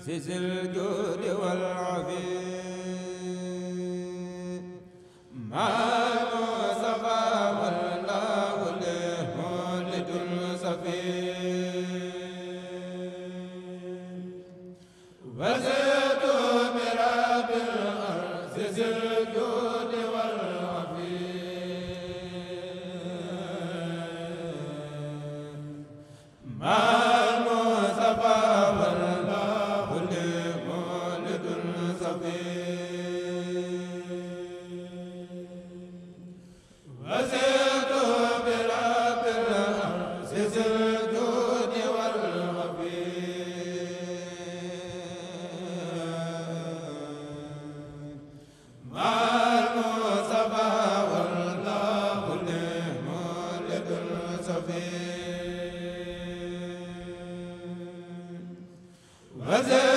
سس الجود والعفي Azza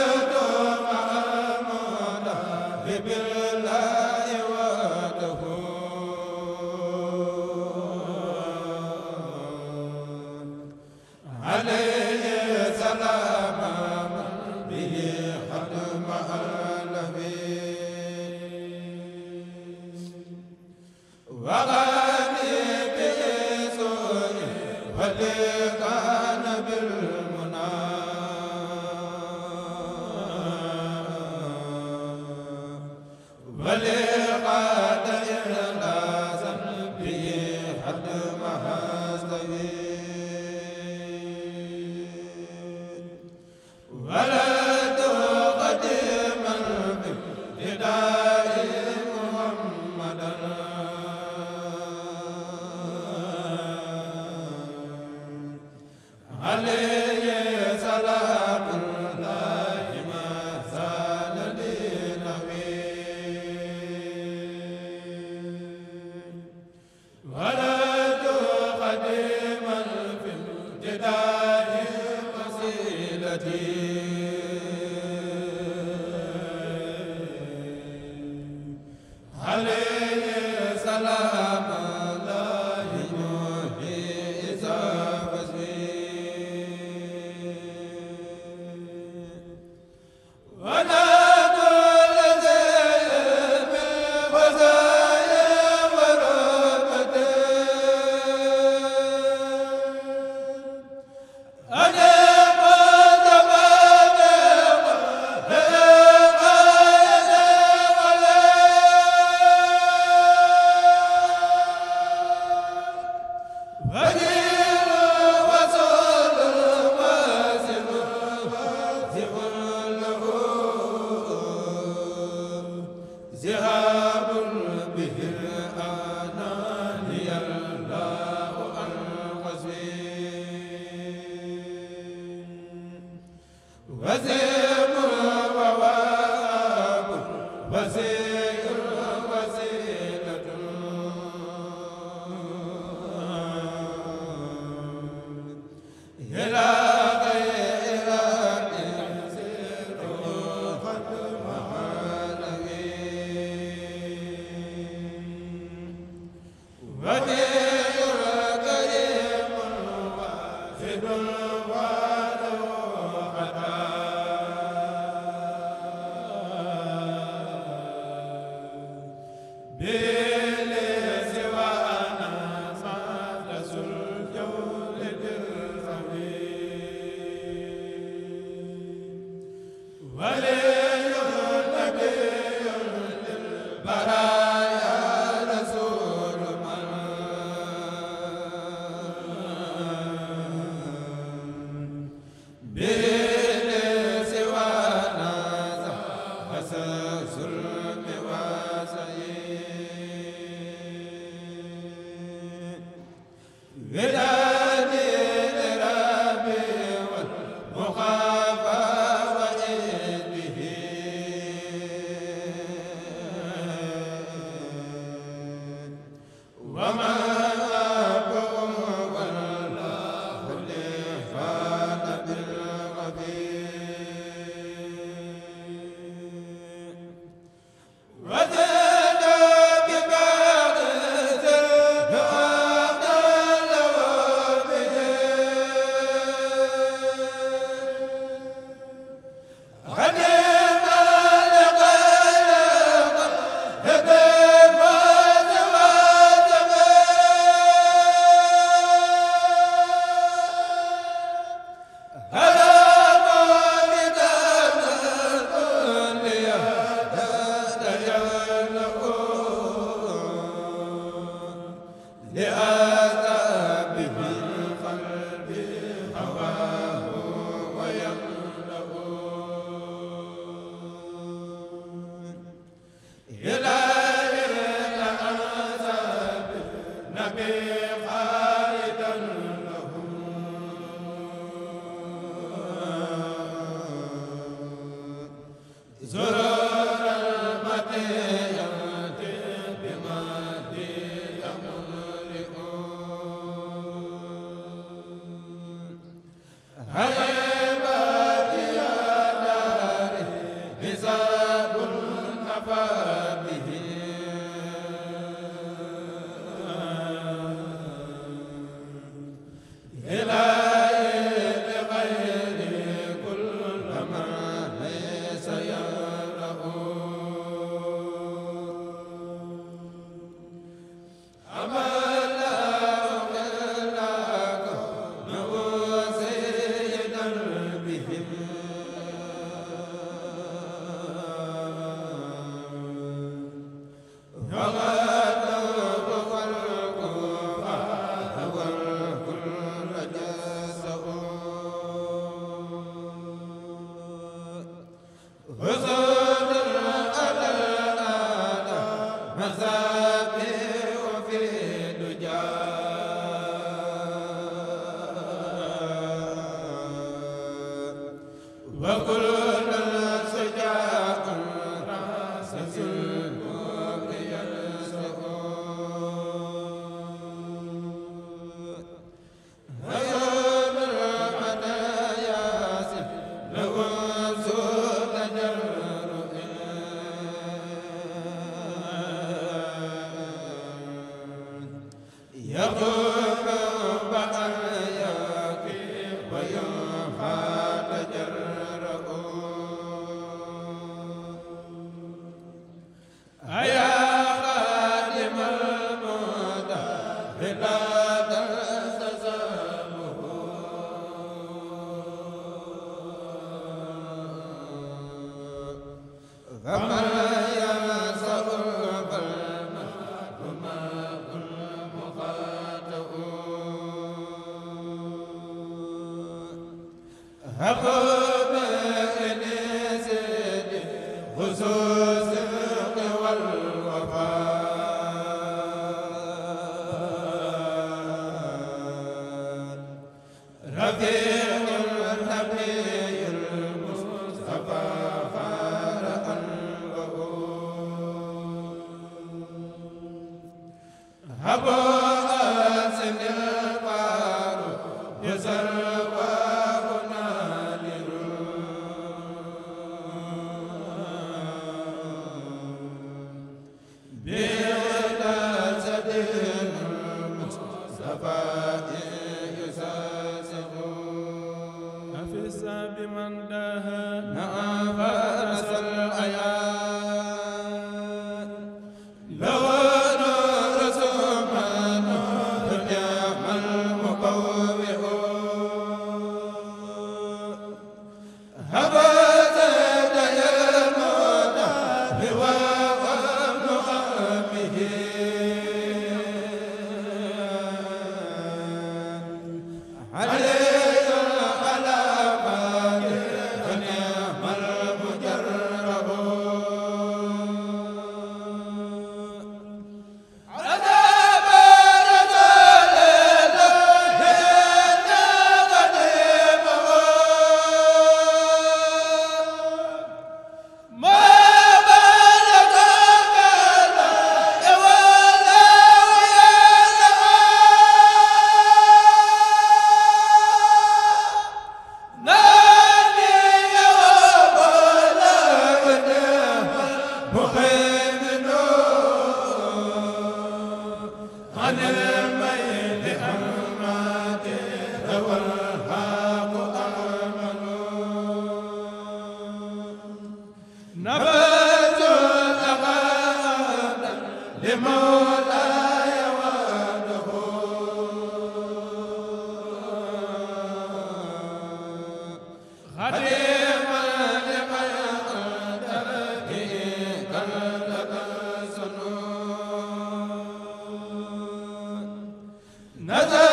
Amen. Bravo Hanım na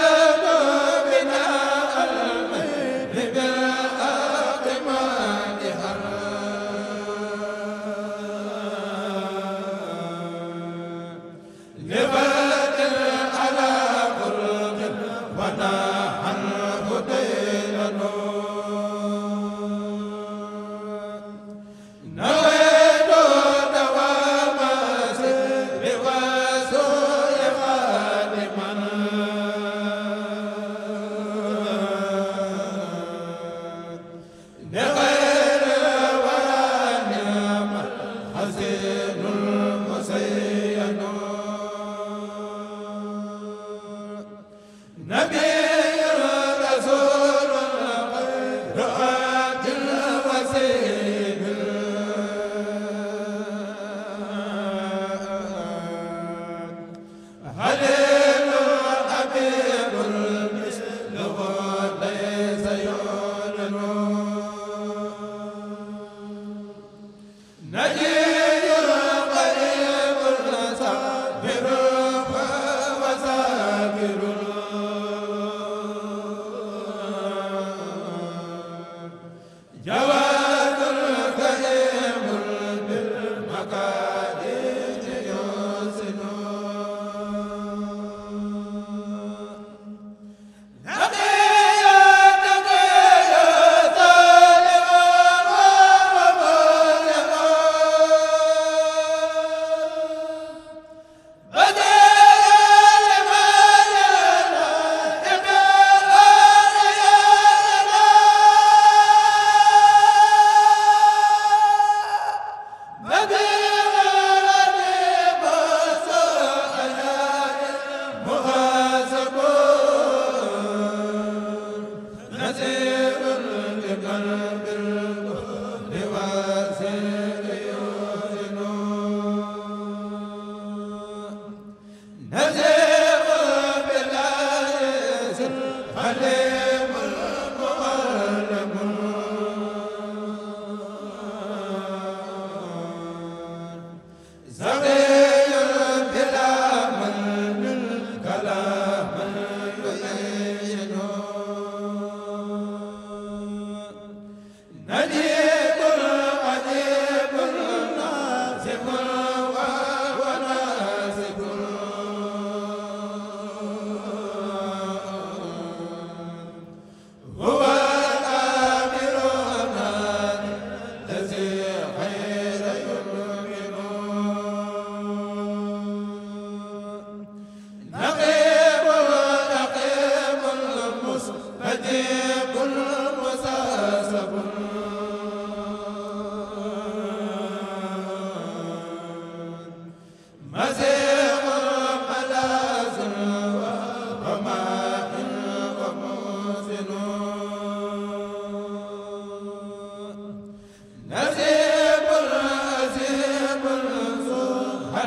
hale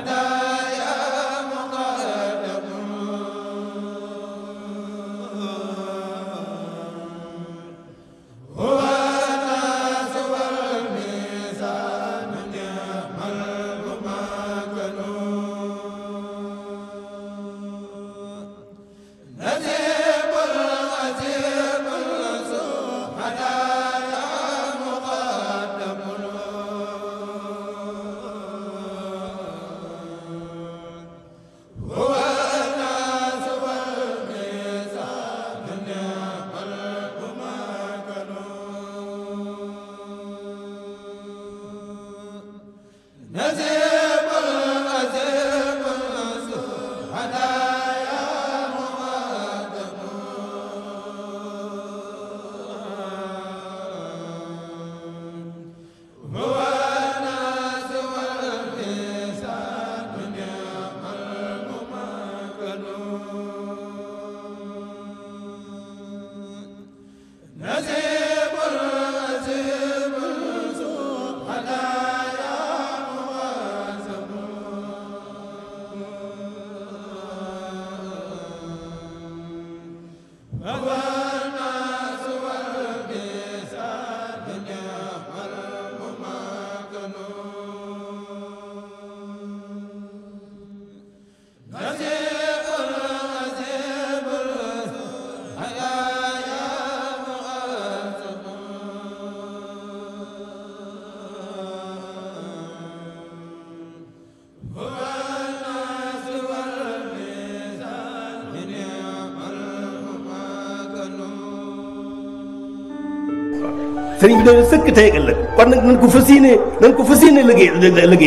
Anta sëriñ bi de sëkk tey ak ëllëg kon nag nañ ko fas yéenee nañ ko fas yéenee liggéey liggéey